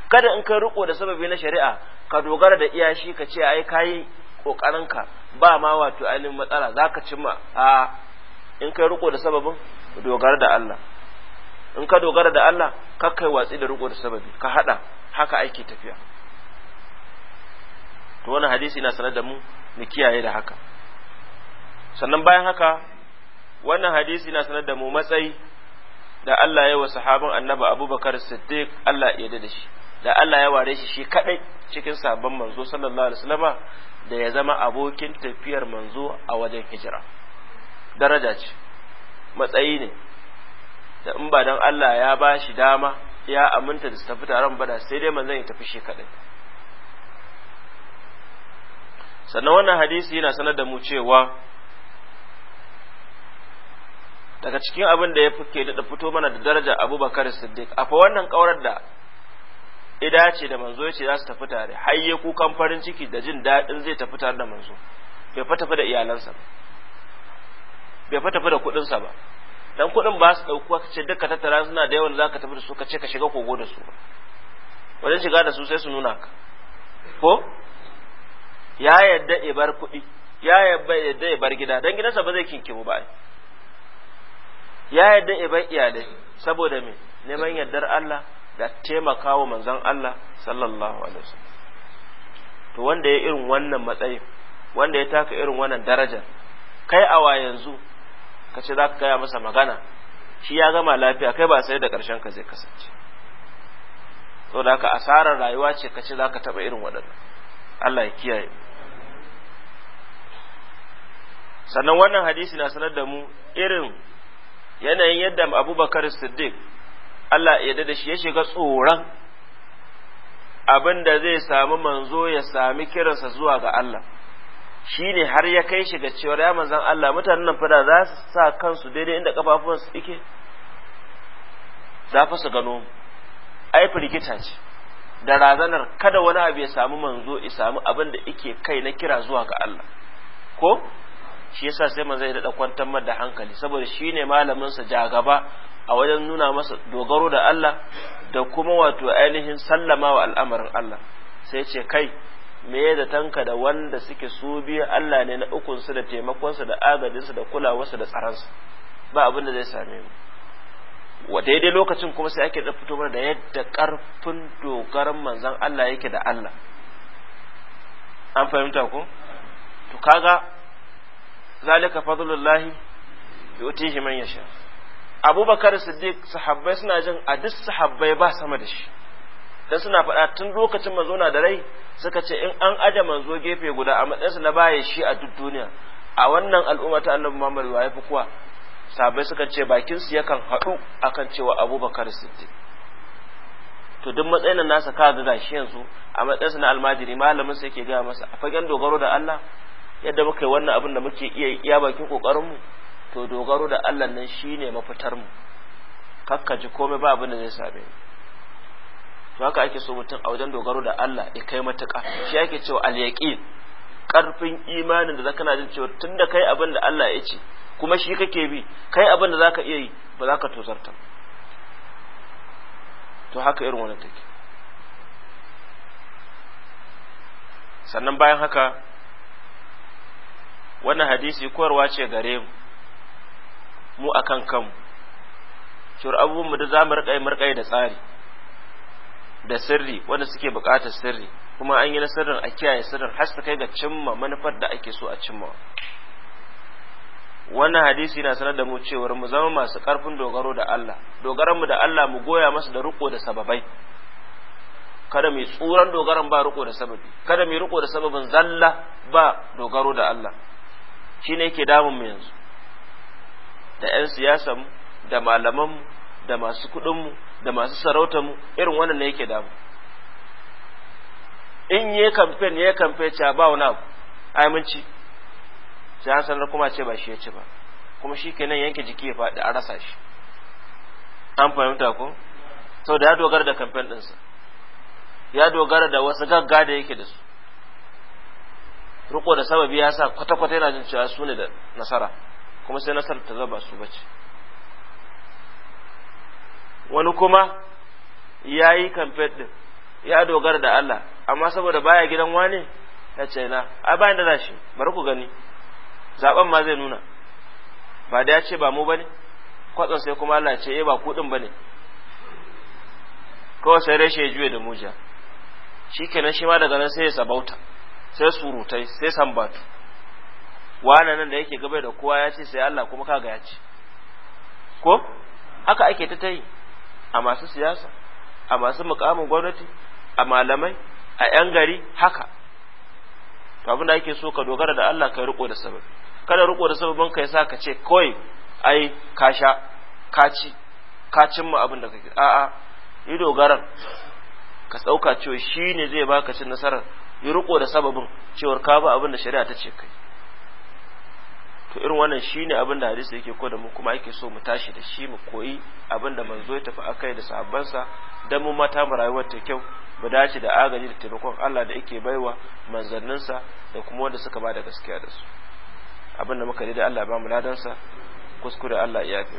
kada in ka riko da sababi na shari'a ka dogara da iyashi ka ce ai kai kokarinka ba ma wato ainihin matsala zaka cimma a in kai riko da sababin dogara da Allah in ka dogara da Allah ka kai watsi da riko da sababi ka hada haka aiki tafiya to wannan hadisi na sanar da mu mu kiyaye da haka sannan bayan haka wannan hadisi na sanar da mu matsayi da Allah ya wa sahabin annabi abubakar siddiq Allah ya da shi da Allah ya ware shi shi kadai cikin sabon manzo sallallahu alaihi wasallama da ya zama abokin tafiyar manzo a wajen hijira daraja ce matsayi ne da in ba dan Allah ya ba shi dama ya aminta da su tafi taron bada sai dai manzon ya tafi shi kadai sannan wannan hadisi yana sanar da mu cewa daga cikin abin da ya fuke da fito mana da daraja abubakar siddiq a fa wannan kaurar da ida ce da manzo ya ce za su tafi tare har ya kukan farin ciki da jin daɗin zai tafi tare da manzo bai fa tafi da iyalansa ba bai fa tafi da kuɗinsa ba dan kuɗin ba su ɗaukuwa ka ce duka tattara suna da yawan za ka tafi da su ka ce ka shiga kogo da su wajen shiga da su sai su nuna ka ko ya yadda ya bar kuɗi ya yadda ya bar gida dan gidansa ba zai kinkimu ba ya yadda ibai iyalai saboda me neman yardar Allah da taimakawa manzon Allah sallallahu alaihi wasallam to wanda ya irin wannan matsayin wanda ya taka irin wannan darajar kai awa yanzu ka ce za ka masa magana shi ya gama lafiya kai ba sai da ƙarshen ka zai kasance to da ka asarar rayuwa ce ka ce za ka taɓa irin waɗannan Allah ya kiyaye sannan wannan hadisi na sanar da mu irin yanayin yadda abubakar siddiq Allah ya da shi ya shiga tsoron abin da zai samu manzo ya sami kiransa zuwa ga Allah shi ne har ya kai shiga cewar ya manzan Allah mutanen nan fada za su sa kansu daidai inda su ike za fa su gano ai firgita ce da razanar kada wani abu ya samu manzo ya samu abin da ike kai na kira zuwa ga Allah ko shi yasa sai manzo ya da kwantar mar da hankali saboda shine malamin sa ja gaba a wajen nuna masa dogaro da Allah da kuma wato ainihin sallama wa al'amarin Allah sai ce kai me da tanka da wanda suke su biya Allah ne na ukun su da taimakon su da agadinsa su da kulawarsa da tsaran su ba abin da zai same mu wa daidai lokacin kuma sai ake da fito mana da yadda karfin dogaran manzon Allah yake da Allah an fahimta ko to kaga zalika fadlullahi yutihi man yasha abubakar siddiq sahabbai suna jin a duk sahabbai ba sama da shi dan suna faɗa tun lokacin manzo na da rai suka ce in an aje manzo gefe guda a matsayinsa na baya shi a duk duniya a wannan al'umma ta annabi Muhammad wa yafi kuwa sahabbai suka ce bakin su yakan haɗu akan cewa abubakar siddiq to duk matsayin nasa kaga gashi yanzu a matsayinsa na almajiri malamin sa yake gaya masa a fagen dogaro da Allah yadda muka yi wannan abin da muke iya iya bakin kokarinmu to dogaro da Allah nan shine mafitar mu kakka ji komai ba abin da zai same ni to haka ake so mutum a wajen dogaro da Allah ya kai matuƙa shi yake cewa al yaqin karfin imanin da zaka na jin cewa tunda kai abin da Allah ya ce kuma shi kake bi kai abin da zaka iya yi ba za ka tozarta to haka irin wannan take sannan bayan haka wannan hadisi koyarwa ce gare mu mu akan kanmu cewar abubuwan mu da za mu rikai murkai da tsari da sirri wanda suke buƙatar sirri kuma an yi na a kiyaye sirrin har su kai ga cimma manufar da ake so a cimma wannan hadisi na sanar da mu cewar mu zama masu ƙarfin dogaro da Allah dogaran mu da Allah mu goya masa da riko da sababai kada mu tsuran dogaran ba riko da sababi kada mu riko da sababin zalla ba dogaro da Allah ne yake damun mu yanzu da 'yan siyasan da malaman da masu mu, da masu sarautanmu irin wannan ne yake damu in yi kamfen ya kamfe ce ba wani abu aminci sai an sanar kuma ce ba shi ya ci ba kuma shi kenan yanke jiki ya faɗi a rasa shi an fahimta ko sau da ya dogara da kamfen ɗinsa ya dogara da wasu gagga da yake da su riko da sababi ya sa kwata-kwata yana jin cewa su ne da nasara kuma sai nasarar ta zaba su bace wani kuma ya yi kamfen ɗin ya dogara da Allah amma saboda baya gidan wani ya ce na a bayan da za shi bari ku gani zaben ma zai nuna ba da ya ce ba mu ba ne kwatsan sai kuma Allah ce eh ba kuɗin ba ne kawai sai rashe ya juye da muja shi kenan shi ma daga nan sai ya sabauta sai surutai sai sambatu wane nan da yake gaba da kowa ya ce sai Allah kuma kaga ya ce ko haka ake ta tayi a masu siyasa a masu mukamin gwamnati a malamai a 'yan gari haka to abin da ake so ka dogara da Allah kai riko da sababi kada riko da sababin kai sa ka ce kawai ai ka sha ka ci ka cimma abin da kake a'a yi dogaran ka sauka cewa shi ne zai baka cin nasarar yi riko da sababin cewar ka ba abin da shari'a ta ce kai to irin wannan shine abin da hadisi yake ko da mu kuma ake so mu tashi da shi mu koyi abin da manzo ya tafi akai da sahabbansa dan mu mata mu rayuwar ta kyau mu dace da agaji da taimakon Allah da yake baiwa manzanninsa da kuma wanda suka ba da gaskiya da su abin da muka da Allah ba mu sa kuskure Allah ya yafe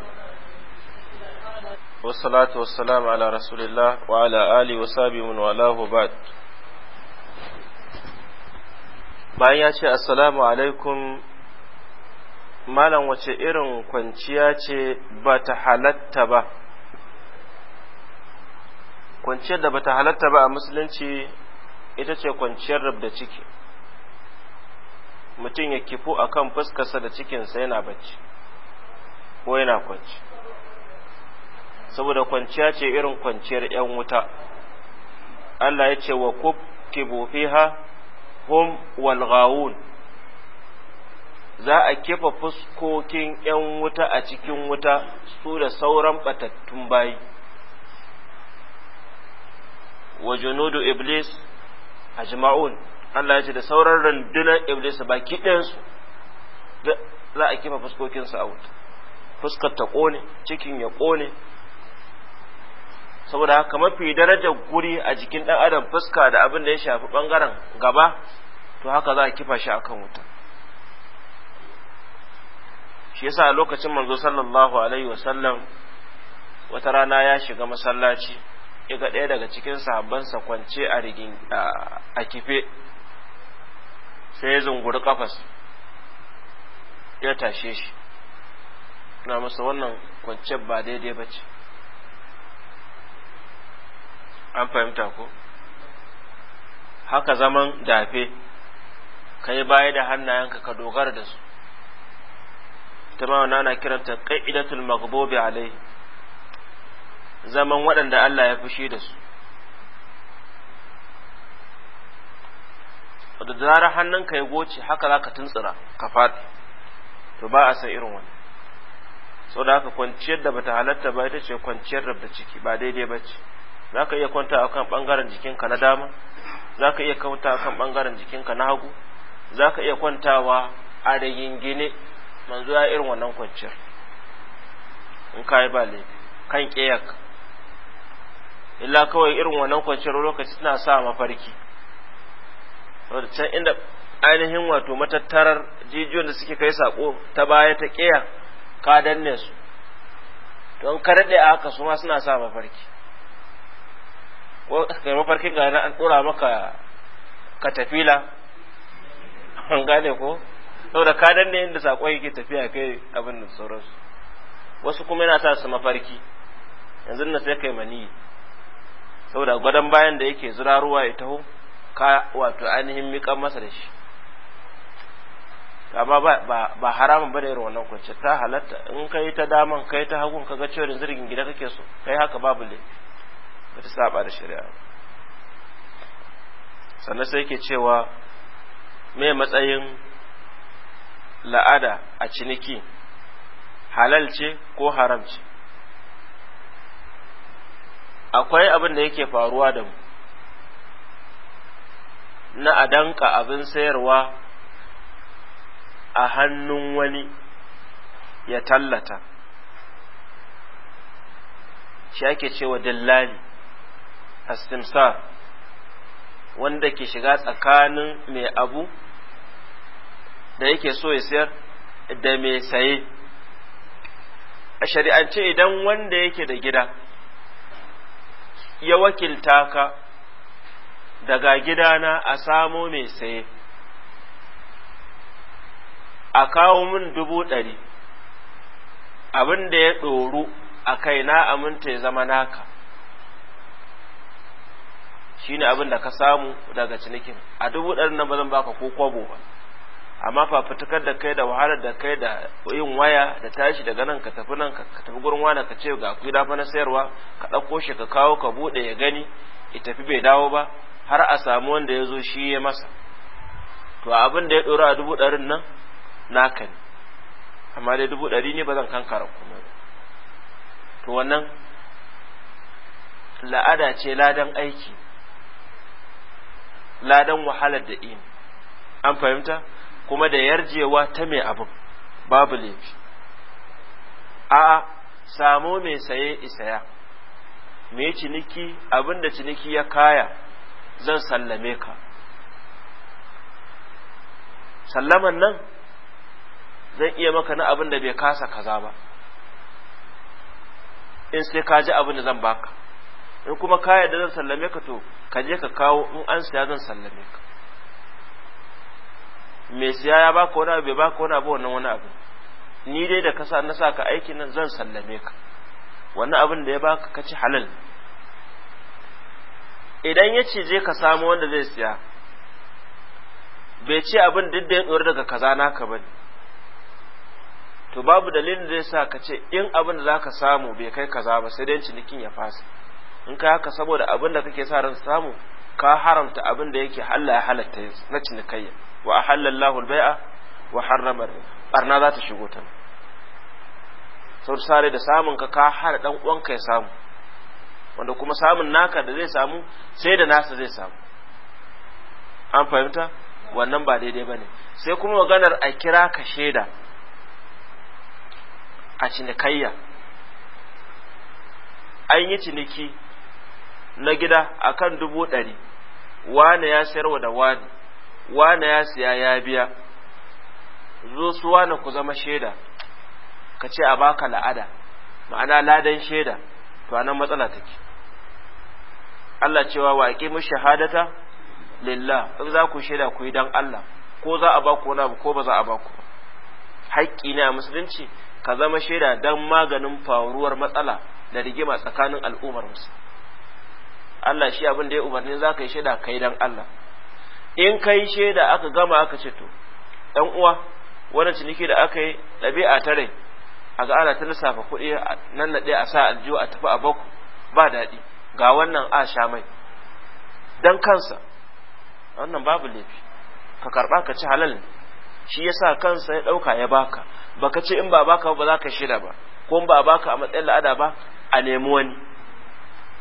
wassalatu wassalamu ala rasulillah wa ala ali wa sahbihi wa ba'd bayan ya ce assalamu alaikum malam wace irin kwanciya ce ba ta halatta ba kwanciyar da ba ta halatta ba a musulunci ita ce kwanciyar rabda ciki mutum ya kifo a kan fuskarsa da cikinsa yana bacci ko yana kwanci saboda kwanciya ce irin kwanciyar 'yan wuta Allah ya ce wa kub fiha hum wal za a kifa fuskokin ‘yan wuta a cikin wuta su da sauran batattun bayi wa junudu iblis a ajma'un Allah ya ce da sauran rundunar iblis baki su za a kifa fuskokinsu a wuta fuskar ta ƙone cikin ya ƙone saboda haka mafi darajar guri a jikin ɗan adam fuska da abin da ya shafi ɓangaren gaba to haka za a kifa shi a kan wuta shi yasa lokacin manzo sallallahu alaihi wasallam wata rana ya shiga masallaci ga ɗaya daga cikin sahabbansa kwance a rigin a kife sai ya zunguri kafas ya tashe shi na masa wannan kwance ba daidai ba ce an fahimta ko haka zaman dafe ka yi baya da hannayenka ka dogara da su ta ma ana kiranta ƙa'idatul maghdubi alai zaman waɗanda Allah ya fushi da su da zarar hannunka ya goce haka za ka tuntsira ka faɗi to ba a san irin wani sau da haka kwanciyar da bata halatta ba ita ce kwanciyar rabda ciki ba daidai ba ce za ka iya kwanta akan ɓangaren jikinka na dama za ka iya kwanta akan ɓangaren jikinka na hagu za ka iya kwantawa a da gine manzo ya irin wannan kwanciyar in ka yi ba laifi kan ƙiyak illa kawai irin wannan kwanciyar lokaci tana sa mafarki saboda can inda ainihin wato matattarar jijiyoyin da suke kai sako ta baya ta ƙiya ka danne su don ka daɗe a haka su ma suna sa mafarki ko kai mafarkin ga an tura maka katafila an gane ko saboda ka danne inda sakon yake tafiya kai abin da sauransu wasu kuma yana sa su mafarki yanzu na sai kai mani saboda gwadon bayan da yake ruwa ya taho ka wato ainihin miƙan masa da shi amma ba haramun ba da irin wannan kwanci ta halatta in kai ta daman kai ta hagun ka ga cewa zirgin gida kake so kai haka babu laifi ba ta saba da shari'a sannan sai ke cewa me matsayin la'ada a ciniki halal ce ko haram ce akwai abin da yake faruwa da mu na adanka abin sayarwa a hannun wani ya tallata shi ake cewa dillali as wanda ke shiga tsakanin mai abu da yake so ya sayar da mai saye a shari'ance idan wanda yake da gida ya wakilta ka daga gidana a samo mai saye a kawo min dubu ɗari abin da ya ɗoru a kai na aminta ya zama naka Shi ne abin da ka samu daga cinikin a dubu ɗari nan ba zan baka ko kwabo ba amma fafutukar da kai da wahalar da kai da yin waya da tashi daga nan ka tafi nan ka tafi gurin wani ka ce ga kuɗi dafa na sayarwa ka ɗauko shi ka kawo ka buɗe ya gani ya tafi bai dawo ba har a samu wanda ya zo shi ya masa to abin da ya ɗora a dubu ɗarin nan naka ne amma dai dubu ɗari ne ba zan kankara kuma to wannan la'ada ce ladan aiki ladan wahalar da ini an fahimta kuma da yarjewa ta mai abin babu laifi a'a samo mai saye isaya me ciniki abin da ciniki ya kaya zan sallame ka sallaman nan zan iya maka na abin da bai kasa kaza ba in sai ka ji abin da zan baka in kuma ka yarda zan sallame ka to ka je ka kawo in an siya zan sallame ka mai siya ya baka wani abu bai baka wani abu wannan wani abu ni dai da kasa na sa ka aikin nan zan sallame ka wannan abin da ya baka ka ci halal idan ya ce je ka samu wanda zai siya bai ce abin duk da ya tsoro daga kaza naka ba ne to babu dalilin da zai sa ka ce in abin da za ka samu bai kai kaza ba sai dai cinikin ya fasa in ka haka saboda abin da kake sa ran samu ka haramta abin da yake Allah ya halatta na cinikayya wa ahallallahu al-bai'a wa harrama barna za ta shigo ta sau sare da samun ka ka hana dan uwanka ya samu wanda kuma samun naka da zai samu sai da nasa zai samu an fahimta wannan ba daidai bane sai kuma maganar a kira ka shaida a cinikayya an yi ciniki na gida akan dubu ɗari wane ya sayarwa da wane wane ya siya ya biya zo su wane ku zama shaida ka ce a baka la'ada ma'ana ladan shaida to anan matsala take Allah cewa wa mu shahadata lillah in za ku shaida ku yi dan Allah ko za a baku wani ko ba za a baku haƙƙi ne a musulunci ka zama shaida dan maganin faruwar matsala da rigima tsakanin al'ummar musulmi Allah shi abin da ya umarni za ka yi shaida kai dan Allah in kai shaida aka gama aka ce to dan uwa wannan ciniki da aka yi ɗabi'a ta rai a ga ana ta lissafa kuɗi nan na ɗaya a sa aljihu a tafi a baku ba daɗi ga wannan a sha mai dan kansa wannan babu laifi ka karɓa ka ci halal ne shi yasa kansa ya ɗauka ya baka baka ce in ba baka ba za ka shida ba ko ba baka a matsayin la'ada ba a nemi wani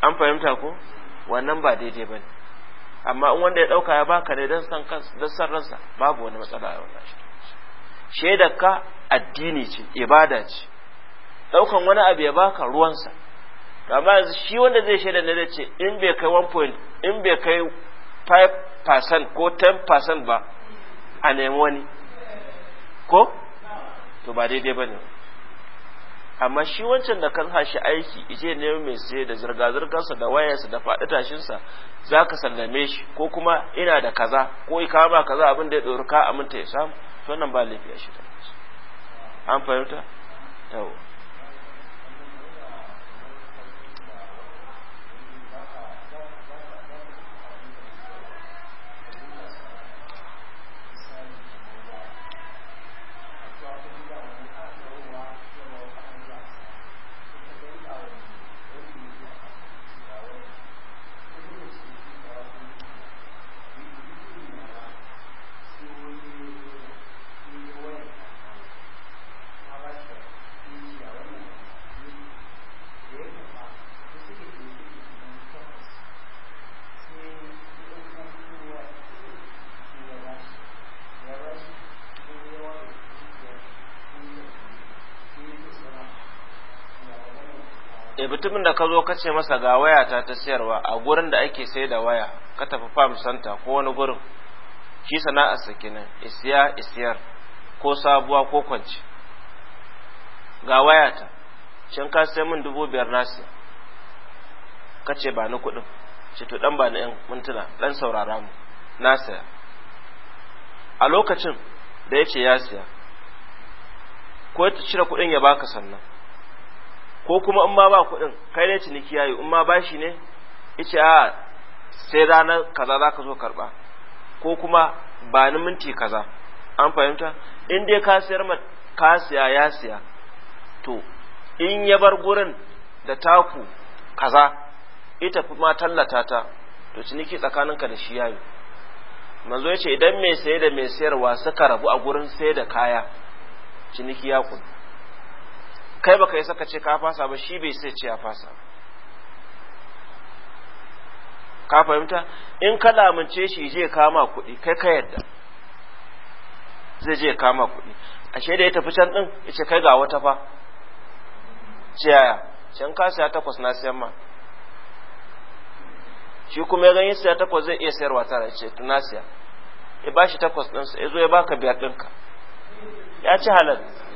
an fahimta ko wannan ba daidai ba ne amma in wanda ya ɗauka ya baka ne don san don san ransa babu wani matsala a wannan shaidar ka addini ce ibada ce ɗaukan wani abu ya baka ruwansa amma yanzu shi wanda zai shaidar ne zai ce in bai kai 1 point in bai kai 5% ko 10% ba a nemi wani ko to ba daidai ba ne amma shi wancan da kan hashi aiki ije ne mai sai da zirga-zirgarsa da wayarsa da faɗi tashinsa za ka sallame shi ko kuma ina da kaza ko ika ba kaza abin da ya ɗori ka aminta ya samu to nan ba laifi a shi an fahimta yawo e mutumin da ka zo ka ce masa ga waya ta ta sayarwa a gurin da ake sai da waya ka tafi farm center ko wani gurin shi sana'ar sa kenan isiya isiyar ko sabuwa ko kwance ga waya ta can ka sai min dubu biyar nasi ka ce ba ni kuɗin ce to dan ba ni yan mintuna dan saurara mu na saya a lokacin da ya ce ya siya ko ya cire kuɗin ya baka sannan ko kuma in ma ba kuɗin kai ne ciniki yayi in ma ba shi ne ice a sai ranar kaza za ka zo karɓa ko kuma ba ni minti kaza an fahimta in dai ka sayar ma ka siya ya siya to in ya bar gurin da taku kaza ita fi ma tallata ta to ciniki tsakaninka da shi yayi manzo yace, idan mai saye da mai sayarwa suka rabu a gurin sai da kaya ciniki ya kudu kai baka yi saka ce ka fasa ba shi bai sai ce ya fasa ka fahimta in ka ce shi je kama kuɗi kai ka yadda zai je kama kuɗi ashe da ya tafi can ɗin ya ce kai ga wata fa ce yaya can ka siya takwas na siyan ma shi kuma ya ganye siya takwas zai iya sayarwa tara ce na siya ya ba shi takwas ɗinsa ya zo ya baka biyar ɗinka ya ci halal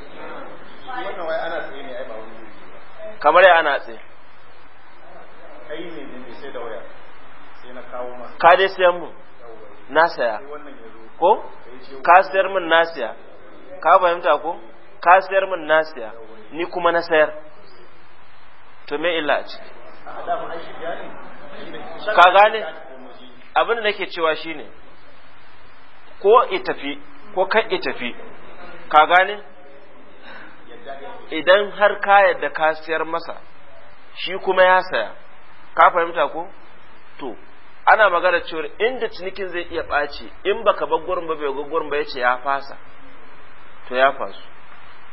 kamar ya ana tsaye kai ne ne sai da waya sai na kawo masa ka dai sayan mu na saya ko ka sayar min na saya ka fahimta ko ka sayar min na saya ni kuma na sayar to me illa a ciki ka gane abin da nake cewa shine ko i tafi ko kan i tafi ka gane idan har ka yadda ka siyar masa shi kuma ya saya ka fahimta ko to ana magana cewa inda cinikin zai iya ɓaci in baka bar gurin ba bai ga gurin ba yace ya fasa to ya fasu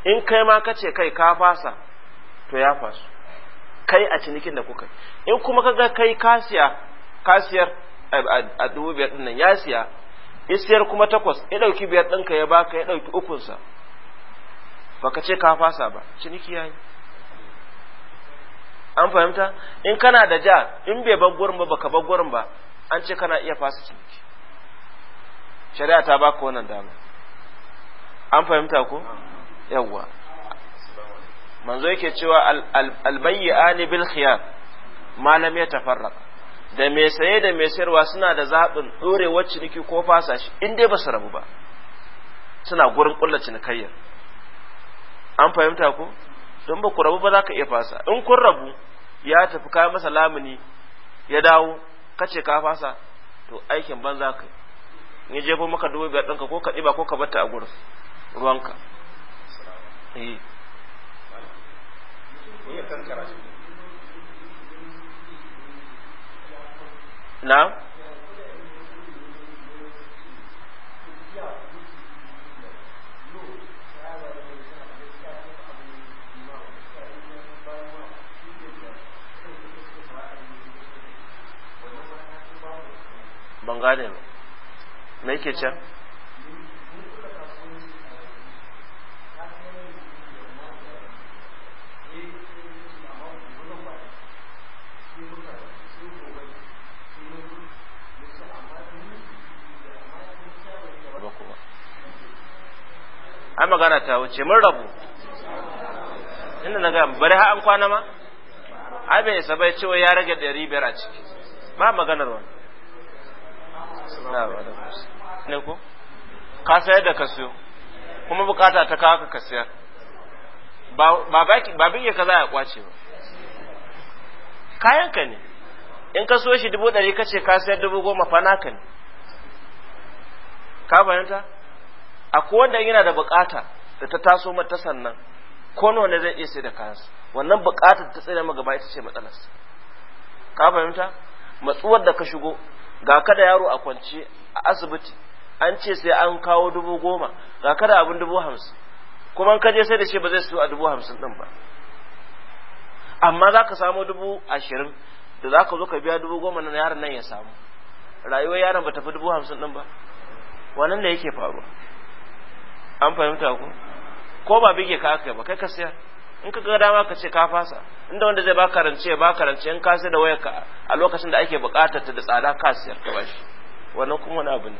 in kai ma kace kai ka fasa to ya fasu kai a cinikin da kuka in kuma kaga kai kasiya kasiyar a dubu biyar din nan ya siya isiyar kuma takwas ya ɗauki biyar ɗinka ya baka ya ɗauki ukunsa baka ce ka fasa ba ciniki yayi an fahimta in kana da ja in bai bar gurin ba baka bar gurin ba an ce kana iya fasa ciniki shari'a ta baka wannan dama an fahimta ko yawwa manzo yake cewa albayyani bil khiyar malam ya tafarraka da mai saye da mai sayarwa suna da zaɓin ɗorewar ciniki ko fasa shi in dai ba su rabu ba suna gurin ƙulla cinikayyar an fahimta ko don ba ku rabu ba za ka iya fasa in kun rabu ya tafi ka masa lamuni ya dawo kace ka fasa to aikin banza ka yi ya jefo maka dubu biyar ɗinka ko ka ɗiba ko ka batta a gurin ruwanka eh. na'am yake can ai magana ta wuce mun rabu inda na ga bari ha an kwana ma ai bai isa bai cewa ya rage ɗari biyar a ciki ba maganar wani ne ko ka sayar da ka siyo kuma bukata ta kawo ka siyar ba bin ya kaza ya kwace ba ka ne in ka so shi dubu ɗari ka ce ka sayar dubu goma fana ka ne ka fahimta akwai wanda yana da bukata da ta taso mata sannan ko nawa ne zai iya sai da kayansa wannan bukata ta tsira gaba ita ce matsalarsa ka fahimta matsuwar da ka shigo ga ka da yaro a kwance a asibiti an ce sai an kawo dubu goma ga kada abin dubu hamsin kuma ka je sai da shi ba zai siyo a dubu hamsin din ba amma za ka samu dubu ashirin da za ka zo ka biya dubu goma na yaron nan ya samu rayuwar yaron ba tafi dubu hamsin din ba wannan da yake faruwa an fahimta ku ko ba bige ka aka ba kai ka sayar in ka ga dama ka ce ka fasa inda wanda zai baka rance baka rance in ka sai da wayar ka a lokacin da ake bukatar ta da tsada ka sayar ka bashi wannan kuma wani abu ne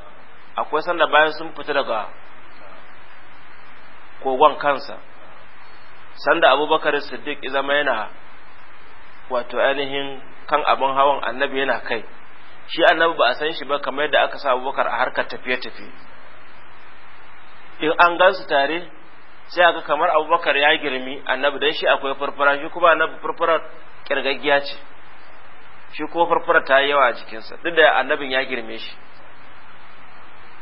akwai sanda bayan sun fita daga kogon kansa sanda abubakar siddiq zama yana wato ainihin kan abin hawan annabi yana kai shi annabi ba a san shi ba kamar yadda aka sa abubakar a harkar tafiye-tafiye in an gansu tare sai aka kamar abubakar ya girmi annabi don shi akwai farfara shi kuma annabi farfara kirgaggiya ce shi kuma farfara ta yi yawa a jikinsa duk da annabin ya girme shi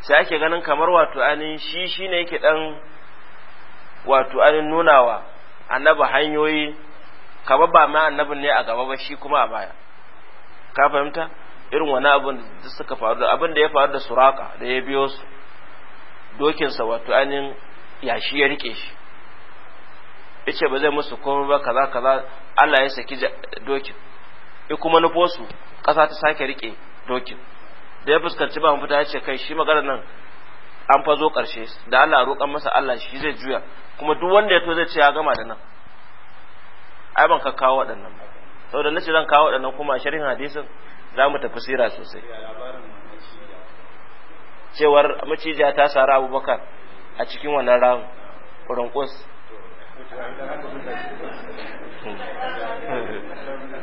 sai ake ganin kamar wato anin shi shi ne yake ɗan wato anin nunawa annaba hanyoyi kaba ba ma annabin ne a gaba ba shi kuma a baya ka fahimta irin wani abin da suka faru da abin da ya faru da suraka da ya biyo su dokinsa wato ya yashi ya rike shi yace ba zai musu komai ba kaza kaza Allah ya saki dokin ya kuma nufosu su ƙasa ta sake rike dokin da ya fuskanci ba mafita ya ce kai shi magana nan an fazo karshe da Allah roƙan masa Allah shi zai juya kuma duk wanda ya to zai ce ya gama da nan ai ban ka kawo waɗannan ba saboda nace zan kawo waɗannan kuma shirin hadisin za mu tafi sira sosai cewar macijiya ta sara abubakar a cikin wannan ramu ƙurin